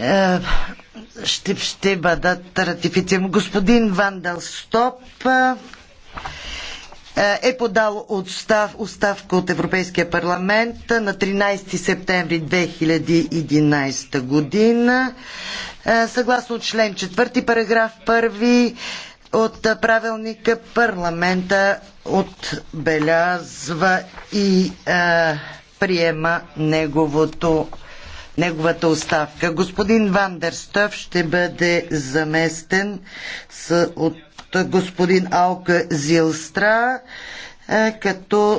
Е, ще, ще бъдат ратифицирани. Господин Вандал Стоп е, е подал отстав, оставка от Европейския парламент на 13 септември 2011 година. Е, съгласно член 4 параграф 1 от правилника парламента отбелязва и а, приема неговото неговата оставка. Господин Вандерстъв ще бъде заместен с, от господин Алка Зилстра, е, като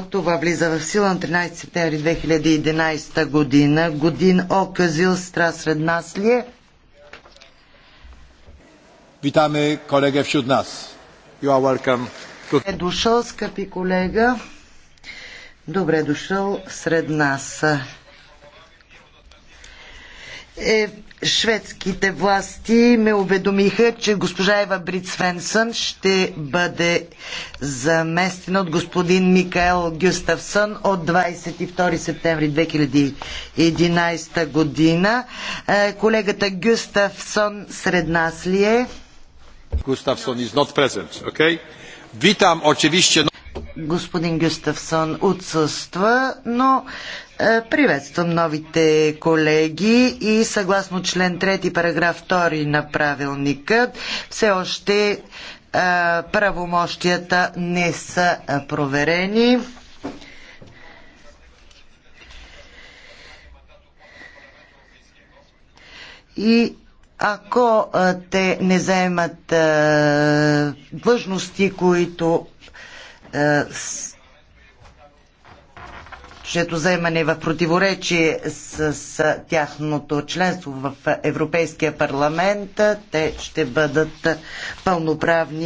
е, това влиза в сила на 13 септември 2011 година. Годин Алка Зилстра сред нас ли е? Витаме колега всюд нас. You are welcome. Е дошъл, скъпи колега. Добре е дошъл сред нас е, шведските власти ме уведомиха, че госпожа Ева Брит Свенсън ще бъде заместена от господин Микаел Гюставсън от 22 септември 2011 година. Е, колегата Гюставсън сред нас ли е? Гюставсон is not present, okay? Witam oczywiście господин Гюставсон отсъства, но е, приветствам новите колеги и съгласно член 3 параграф 2 на правилника все още е, правомощията не са е, проверени. И ако е, те не заемат е, длъжности, които е, чето заемане е в противоречие с, с тяхното членство в Европейския парламент, те ще бъдат пълноправни